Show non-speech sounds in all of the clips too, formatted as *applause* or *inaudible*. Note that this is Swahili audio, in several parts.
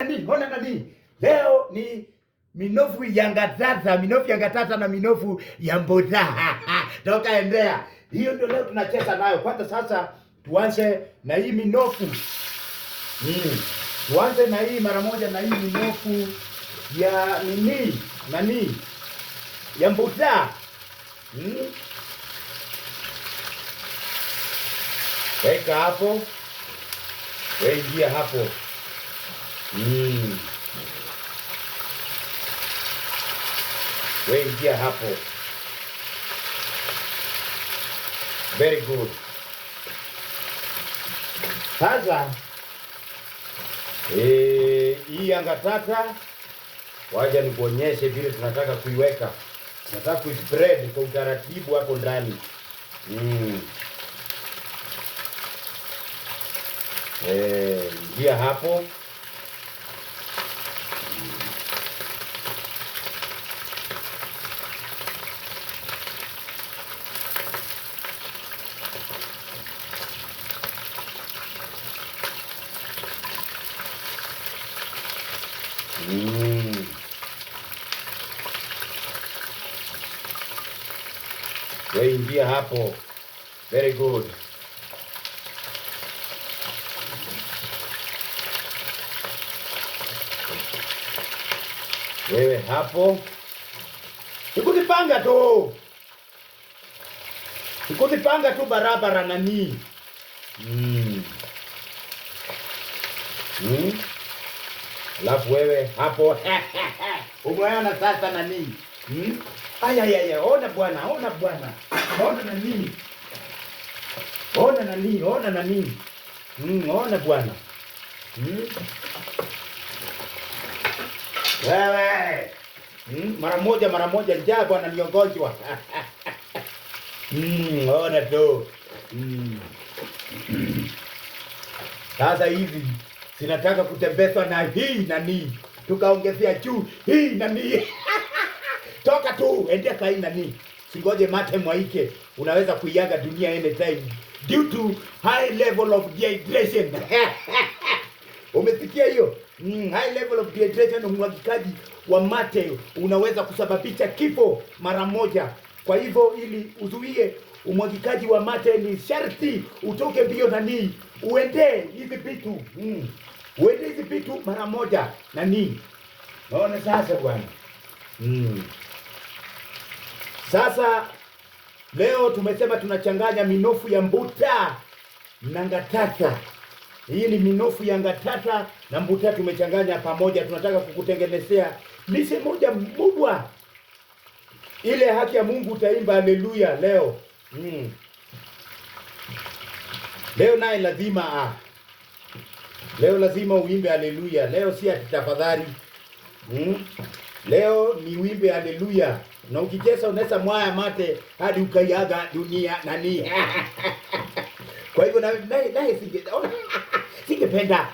Ona nani leo ni minofu ya ngatata, minofu ya ngatata na minofu ya mboda toka *laughs* endea. Hiyo ndio leo tunacheza nayo. Kwanza sasa tuanze na hii minofu hmm. Tuanze na hii mara moja na hii minofu ya nini nani ya mboda hmm. Weka hapo, weingia hapo Mm. We ingia hapo. Very good. Sasa e, hii waja nikuonyeshe vile tunataka kuiweka. Tunataka kuispread kwa utaratibu hapo ndani mm. E, eh, ingia hapo hapo. Very good. Wewe hapo nikuzipanga tu, nikuzipanga tu barabara nani. Mm. Mm. Alafu wewe hapo *laughs* umeona sasa nani? Mm? Aya, aya, aya. Ona bwana, ona bwana ona na nini, ona na nini, ona na nini, mm, ona Bwana mm. Wewe mm, mara moja mara moja njaa Bwana niongojwa *laughs* mm, ona tu mm. Sasa hivi sinataka kutembezwa na hii nanii, tukaongezea juu hii nanii *laughs* toka tu endea kai nanii Singoje mate mwaike, unaweza kuiaga dunia anytime due to high level of dehydration. *laughs* Umesikia hiyo? Mm, high level of dehydration, umwagikaji wa mate unaweza kusababisha kifo mara moja. Kwa hivyo ili uzuie umwagikaji wa mate ni sharti utoke mbio nanii, uende hizi vitu mm, uende hizi vitu mara moja nanii. Naona sasa bwana mm. Sasa leo tumesema tunachanganya minofu ya mbuta na ngatata. Hii ni minofu ya ngatata na mbuta tumechanganya pamoja, tunataka kukutengenezea lishe moja mubwa, ile haki ya Mungu utaimba haleluya leo mm. Leo naye lazima ah. Leo lazima uimbe haleluya leo, si ati tafadhali mm. Leo ni uimbe haleluya na ukicheza unaweza mwaya mate hadi ukaiaga dunia nani. *laughs* Kwa hivyo na naye oh, *laughs* singependa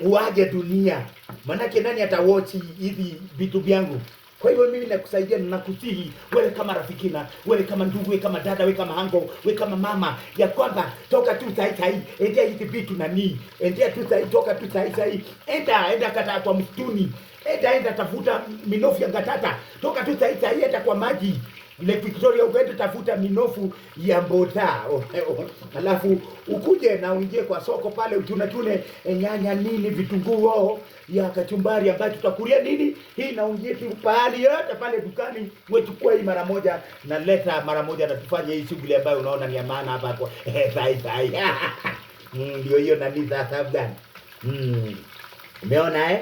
uage dunia, manake nani atawochi hivi vitu vyangu? Kwa hivyo mimi nakusaidia na nakusihi wewe kama rafiki na wewe kama ndugu, wewe kama dada, wewe kama hango wewe kama mama, ya kwamba toka tu sahi sahi, endea hizi vitu nani, endea tu sahi, toka tu sahi sahi, enda enda kata kwa msituni, enda enda tafuta minofu ya ngatata, toka tu sahi sahi, enda kwa maji. Lake Victoria ukaenda tafuta minofu ya mbodha, *laughs* alafu ukuje na uingie kwa soko pale tune e, nyanya nini vitunguu hoho ya kachumbari ambayo tutakulia nini hii, na uingie tu pahali yote pale dukani, wechukua hii mara moja na leta mara moja, na tufanye hii shughuli ambayo unaona ni maana hapa kwa sai *laughs* sai *laughs* mm, ndio hiyo na mimi sababu gani, mm. umeona eh?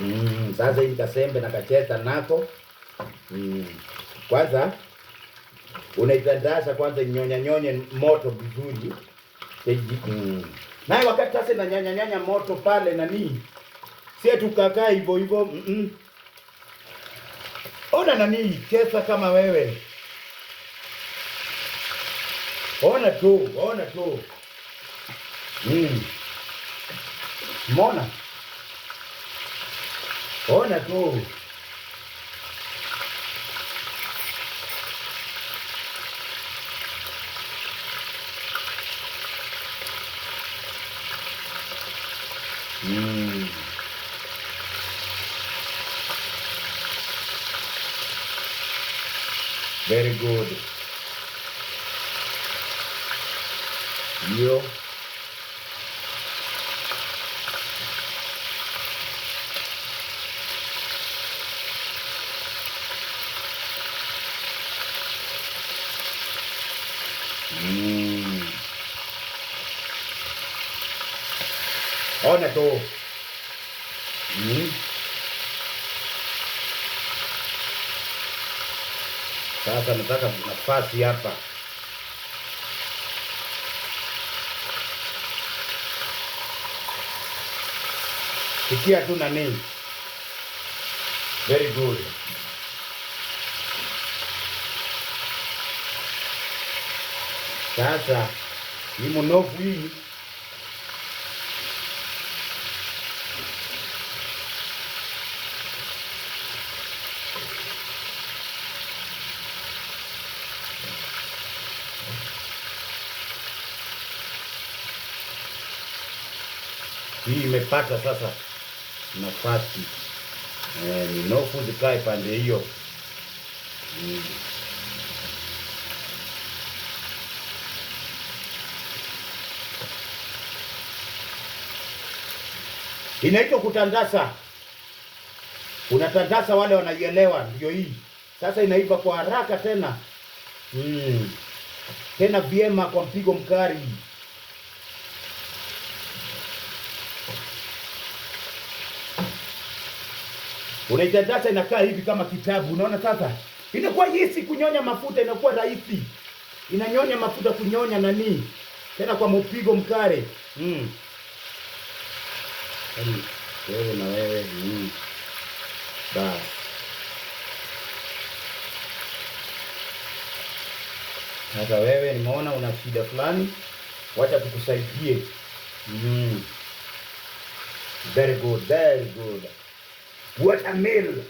mm, sasa hii kasembe na kacheta nako Mm. Kwanza unaitandaza kwanza, nyonya nyonya moto vizuri. Mm. Naye wakati sasa na nyanya nyanya moto pale na nini, tukakaa hivyo hivyo. Mm -mm. Ona nani chesa kama wewe, ona tu, ona tu. Mm. Mona, ona tu Hmm. Very good. You. Ona tu. Mm. Sasa nataka nafasi hapa. Sikia tu nani Very good. Sasa hii mnofu hii hii imepata sasa nafasi eh, ni nofu zikae pande hiyo mm. Inaitwa kutandasa. Unatandasa, wale wanaielewa, ndio hii sasa inaiva kwa haraka tena mm. tena vyema kwa mpigo mkali. unaidadasa inakaa hivi kama kitabu. Unaona sasa, inakuwa hisi kunyonya mafuta inakuwa rahisi, inanyonya mafuta kunyonya nani tena kwa mpigo mkare. Mm. Yaani, wewe na wewe mm. Basi sasa, wewe nimeona una shida fulani, wacha tukusaidie. Mm. Very good, very good. a Guatamelo.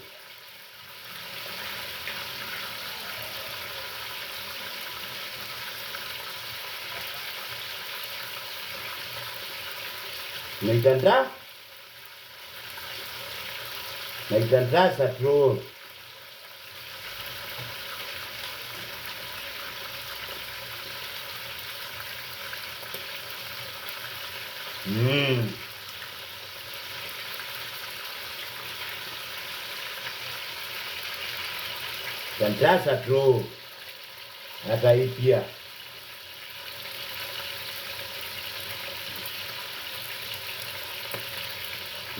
Naitantra? Naitantra Satru. Mmm. Santasa tu akaipia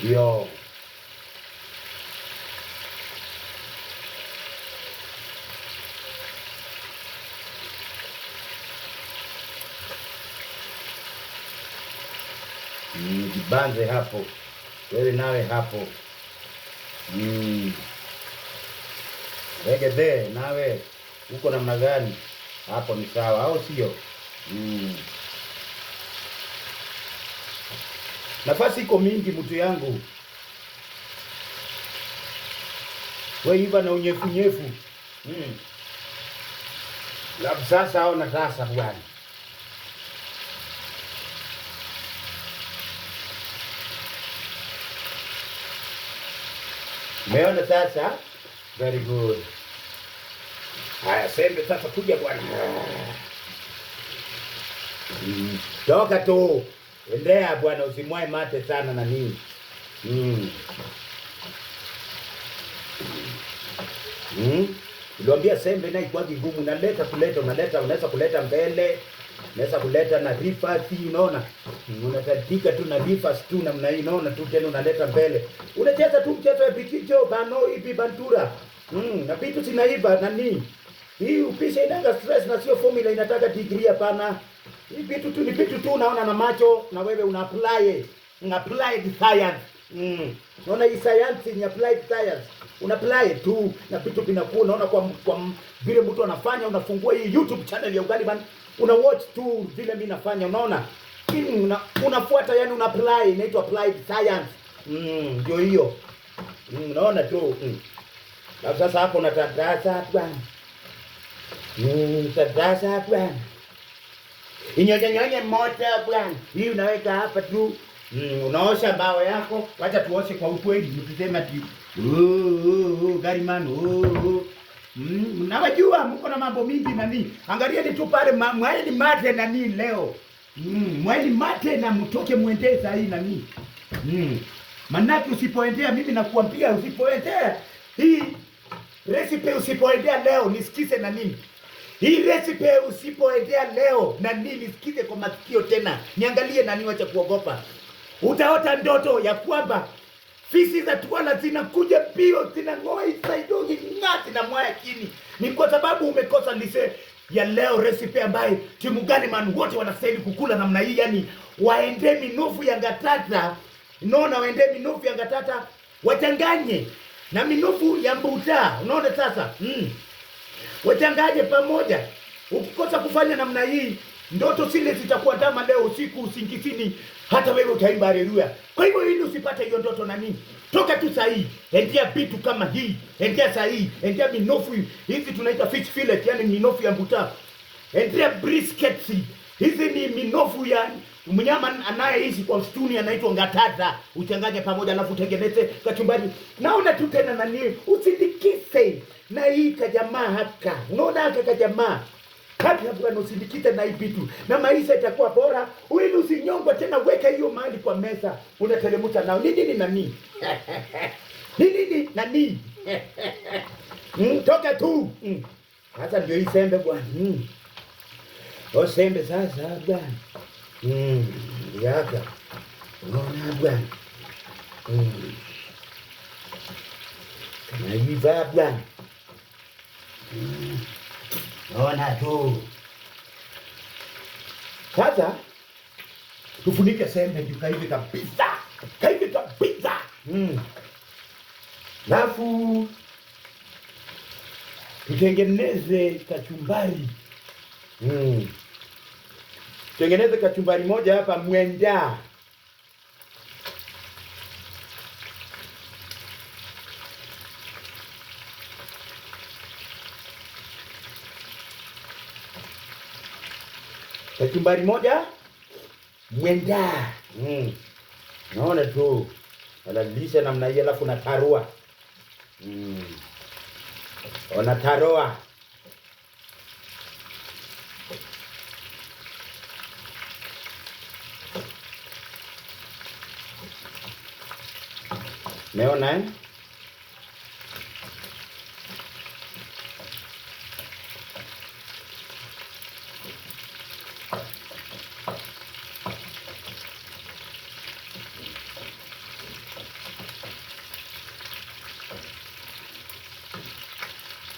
yo mm, jibanze hapo, wewe nawe hapo mm. Wegedhe nawe uko namna gani? Hapo ni sawa, au sio? Mm. Nafasi iko mingi mtu yangu, we iva na unyefunyefu mm. Labu sasa au na sasa bwana meona sasa Very good. Haya, sembe sasa, kuja bwana, toka tu, endea bwana, usimwae mate sana na nini. Mm. Mm. sembe na ikuwa kigumu, naleta kuleta, unaleta unaweza kuleta mbele, unaweza kuleta na rifasi, unaona unatadika tu na rifasi tu namna hii, unaona tu tena unaleta mbele, unacheza tu mchezo ya bikijo bano ibi bantura Mm, na vitu zinaiva nani? Hii upisha inanga stress na sio formula inataka degree hapana. Hii vitu tu ni vitu tu unaona na macho na wewe una apply. Una apply the science. Mm. Unaona hii science ni applied science. Una apply tu na vitu vinakuwa unaona kwa kwa vile mtu anafanya unafungua hii YouTube channel ya Ugali Man. Una watch tu vile mimi nafanya unaona? Kini Una, unafuata yani una apply inaitwa applied science. Mm, ndio hiyo. Mm, unaona tu. Mm. Na sasa hapo natadasa bwana. Mm, tadasa bwana. Inyonya nyonya moja bwana. Hii unaweka hapa tu. Mm, unaosha mbao yako. Wacha tuoshe kwa ukweli. Mtuseme ati uh, gari man uh, Mm, nawajua mko na mambo mingi nani. ni tu pale mwaeli mate nani leo. Mm, mwaeli mate na mtoke muendee saa hii nani. Mm. Manake usipoendea mimi nakuambia usipoendea hii Recipe usipoendea leo nisikize na nini hii recipe usipoendea leo na nini nisikize kwa masikio tena, niangalie nani, wacha kuogopa. Utaota ndoto ya kwamba fisi za tuala zinakuja pio, zinang'oa isaidogi ng'ati na mwaya chini. Ni kwa sababu umekosa lise ya leo, recipe ambaye timu gani man wote wanastahili kukula namna hii, yani waende minofu ya ngatata, naona waende minofu ya ngatata wachanganye na minofu ya mbuta. Unaona sasa mm. Wachangaje pamoja. Ukikosa kufanya namna hii, ndoto zile zitakuandama leo usiku usingizini, hata wewe utaimba haleluya. Kwa hivyo ili usipate hiyo ndoto na nini, toka tu sahii endea vitu kama hii, endea sahii endea minofu hizi tunaita fish fillet, yani minofu ya mbuta, endea briskets. Hizi ni minofu ya Mnyama anayeishi kwa msituni anaitwa ngatata. Uchanganye pamoja, alafu utengeneze kachumbari. Naona tu tena nani, usindikise na hii kajamaa haka, unaona haka kajamaa hata Bwana usindikize na hii vitu na maisha itakuwa bora, ili usinyongwa tena. Weka hiyo mahali kwa meza, unateremusha nao ni nini nani *laughs* ni nini nani *laughs* mtoke mm, tu mm. sasa, ndio hii sembe bwana, mm. osembe oh, sasa bwana Mm, liaga. Unaona bwana. Mm. Naona tu. Sasa tufunike sembe juka hivi kabisa. Kaivi kabisa. Hmm. Lafu tutengeneze kachumbari. Mm tengeneze kachumbari moja hapa mwenja kachumbari moja mwenda mm. Naona tu wanalisha namna hii, alafu natarua tarua mm. Ona tarua Meona eh?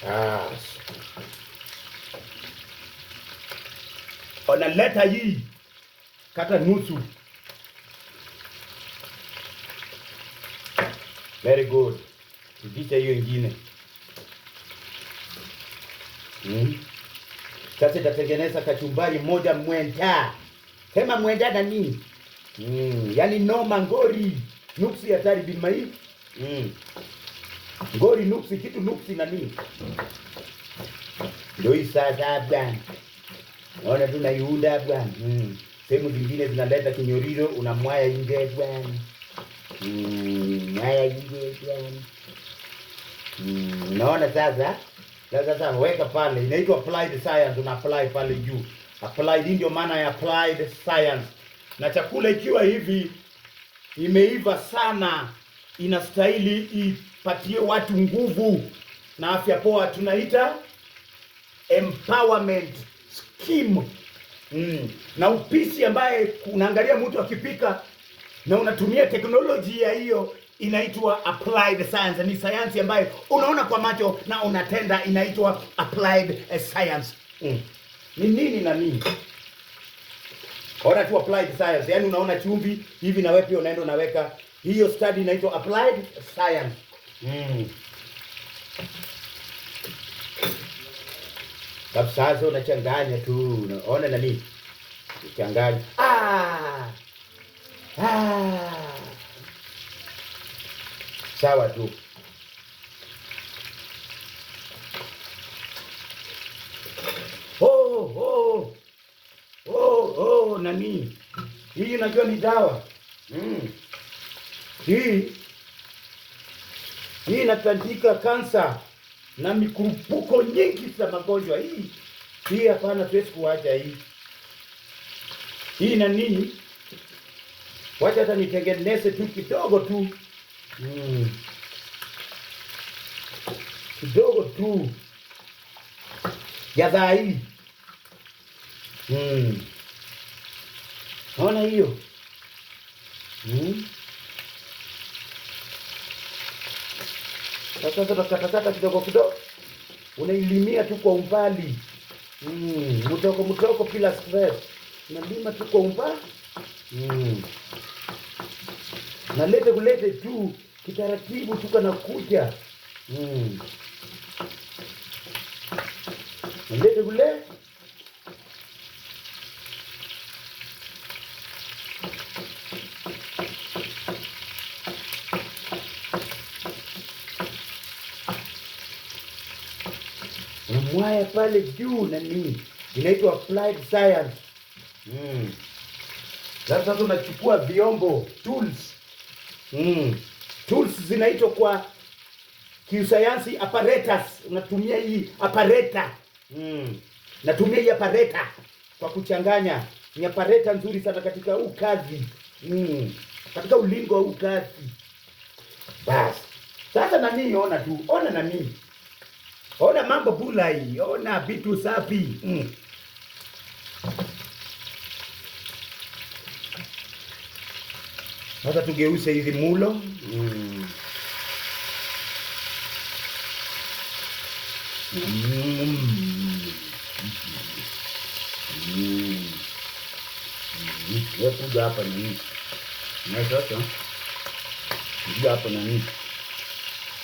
Yes. Analeta hii kata nusu Very good. Picha hiyo ingine. Hmm. Sasa itatengeneza kachumbari moja mwenda. Sema mwenda na nini? Hmm. yaani noma ngori. Nuksi ya tari bin mai. Hmm. Ngori nuksi kitu nuksi na nini? Ndio hii sasa bwana. Naona tunaiunda bwana. Hmm. Sehemu zingine zinaleta kinyoriro unamwaya nje bwana. Mm, haya jigejani. Mm, Naona sasa sasa weka pale, inaitwa applied science, una apply pale juu applied. Hii ndio maana ya applied science. Na chakula ikiwa hivi imeiva sana, inastahili ipatie watu nguvu na afya poa, tunaita empowerment scheme. Mm. Na upishi ambaye unaangalia mtu akipika na unatumia teknolojia hiyo inaitwa applied science, ni sayansi ambayo unaona kwa macho na unatenda, inaitwa applied eh, science. Mm. Ni nini na nini? Ona tu applied science, yani unaona chumvi hivi na wewe pia unaenda unaweka hiyo study inaitwa applied science. Mm. Sasa unachanganya tu, unaona nani? Changanya. Ah! Ah. sawa tu. Oh, oh, oh, oh, nani hii? Najua ni dawa mm. Hii hii inatandika kansa na mikurupuko nyingi za magonjwa. Hii hii hapana, tuwezi kuacha hii hii nani Wacha hata nitengeneze tu kidogo tu mm. kidogo tu ya hii mm. naona hiyo mm. Sasa tunakatakata kidogo kidogo, unailimia tu kwa umbali mm. mtoko mtoko, bila stress, unalima tu kwa umbali Mm. Nalete kulete tu kitaratibu tuka nakuja. Mm. Nalete kule namwaya pale juu, nanii inaitwa applied science. Mm. Sasa tunachukua vyombo tools. Mm. Tools zinaitwa kwa kiusayansi apparatus. Unatumia hii apparatus. Mm. Natumia hii apparatus kwa kuchanganya. Ni apparatus nzuri sana katika huu kazi. Mm. Katika ulingo wa huu kazi. Bas. Sasa na mimi ona tu, ona na mimi. Ona mambo bulai, ona vitu safi. Mm. Sasa tugeuze de mulo mm. Mm. Mm. Mm. Kuja hapa nani na sasa kuja hum,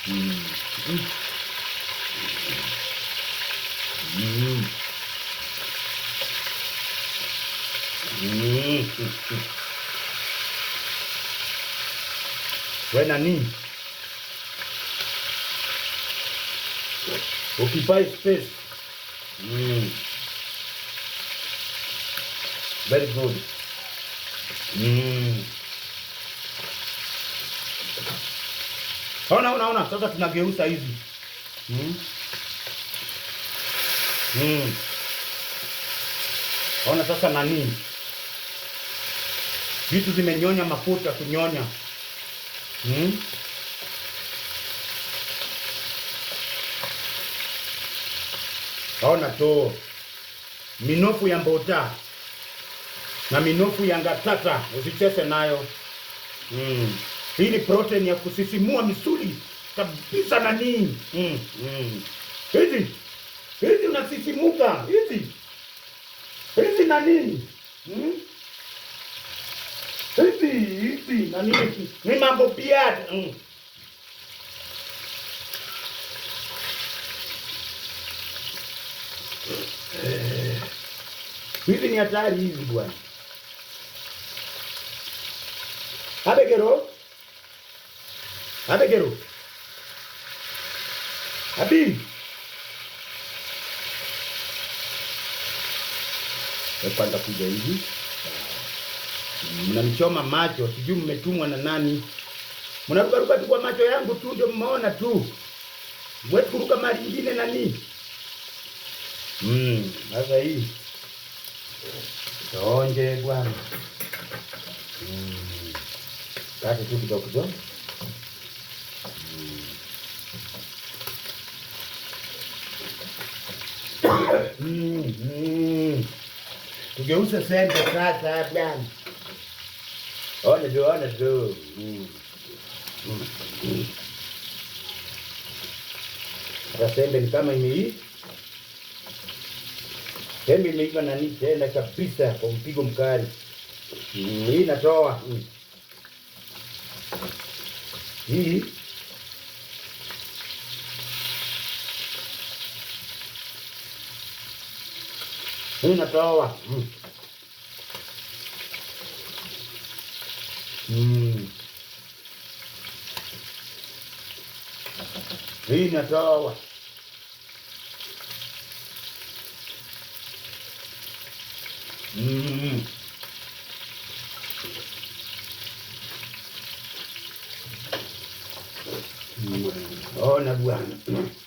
hum, hum, hum Mm. we nani, occupy space. Mm. Very good. Mm. Ona, ona, ona. Sasa tunageuza hizi mm. Mm. Ona sasa nani, vitu zimenyonya mafuta kunyonya Hmm? Aona to minofu ya Mbota na minofu ya Ngatata usicheze nayo hmm. Hii ni protein ya kusisimua misuli kabisa na nini hizi hmm, hmm. Hizi hizi unasisimuka hizi hizi na nini hmm? hivi hivi na nini, ni mambo pia mm. eh. hivi ni hatari hivi bwana, abegero abegero abi kwanza kuja hivi mnamchoma macho, sijui mmetumwa na nani, mnarukaruka tu kwa macho yangu tu ndio mmeona tu, mwezi kuruka mali nyingine nani. Mm, sasa hii tonje bwana. Mm. Kati tu kidogo kidogo. Mm. Mm. Tugeuze sende sasa bwana. Oh, let's go, oh, let's go. Sembe ni kama imeiva, sembe imeiva nani tena kabisa kwa mpigo mkali. Hii natoa hii hii natoa China toa. Hum. hum. Oh, na buana.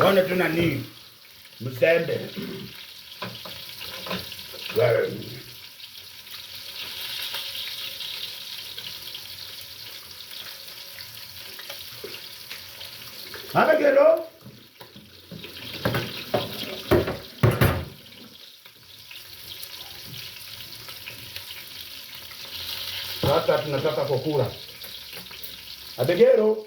Ona tu nani msembe hapa kero hata tunataka kukula abegero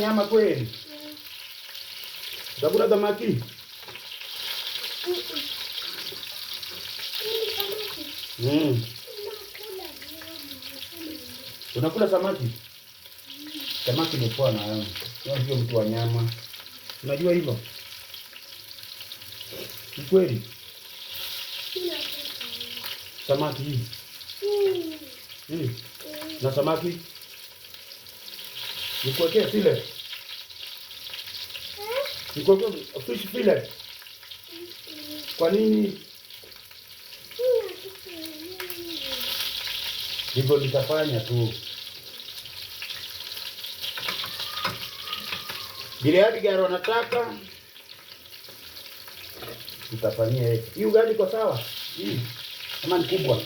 nyama kweli? Utakula samaki? Mm. Unakula samaki? Samaki ni poa na wewe. Wewe hiyo mtu wa nyama. Unajua hivyo? Ni kweli? Samaki hii. Mm. Hmm. Na samaki? Nikuwekee vile. Nikuwekee fish file. Kwa nini? Hivyo nitafanya tu. Gileadi gari wanataka tutafanyia hii ugali kwa sawa. Hii kama ni kubwa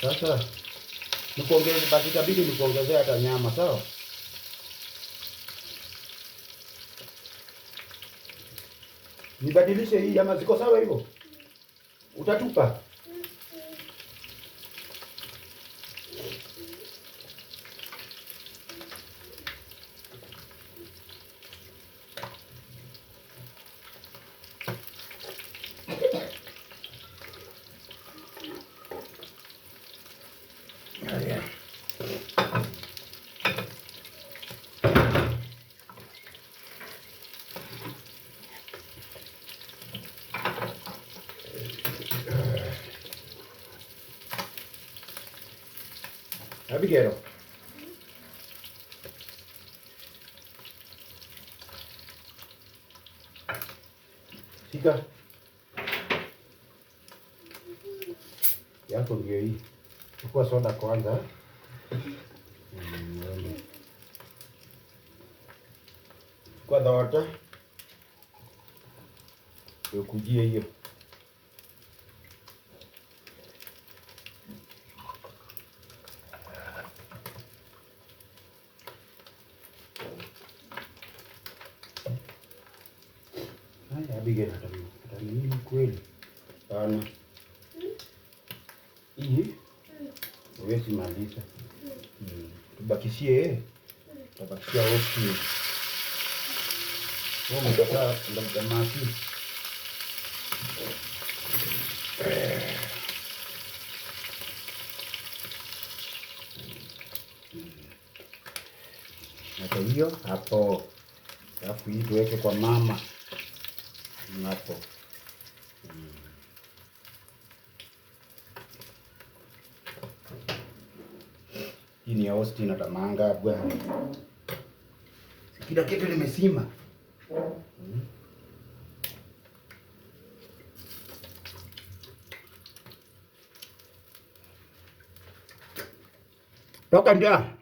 Sasa nikuongeze basi, itabidi nikuongezee hata nyama, sawa? Nibadilishe hii ama ziko sawa hivyo? Utatupa. Abigail. Fica. Já coloquei aí. Ficou só da corda, né? Ficou da horta. Eu cuidei aí, ó. tukimaliza mm. Tubakishie tabakishia oh osi mtaka ndamtamati kwa hiyo hapo, alafu hii tuweke kwa mama hapo. ya hosti natamanga bwana, kila kitu limesima. Hmm. toka ndia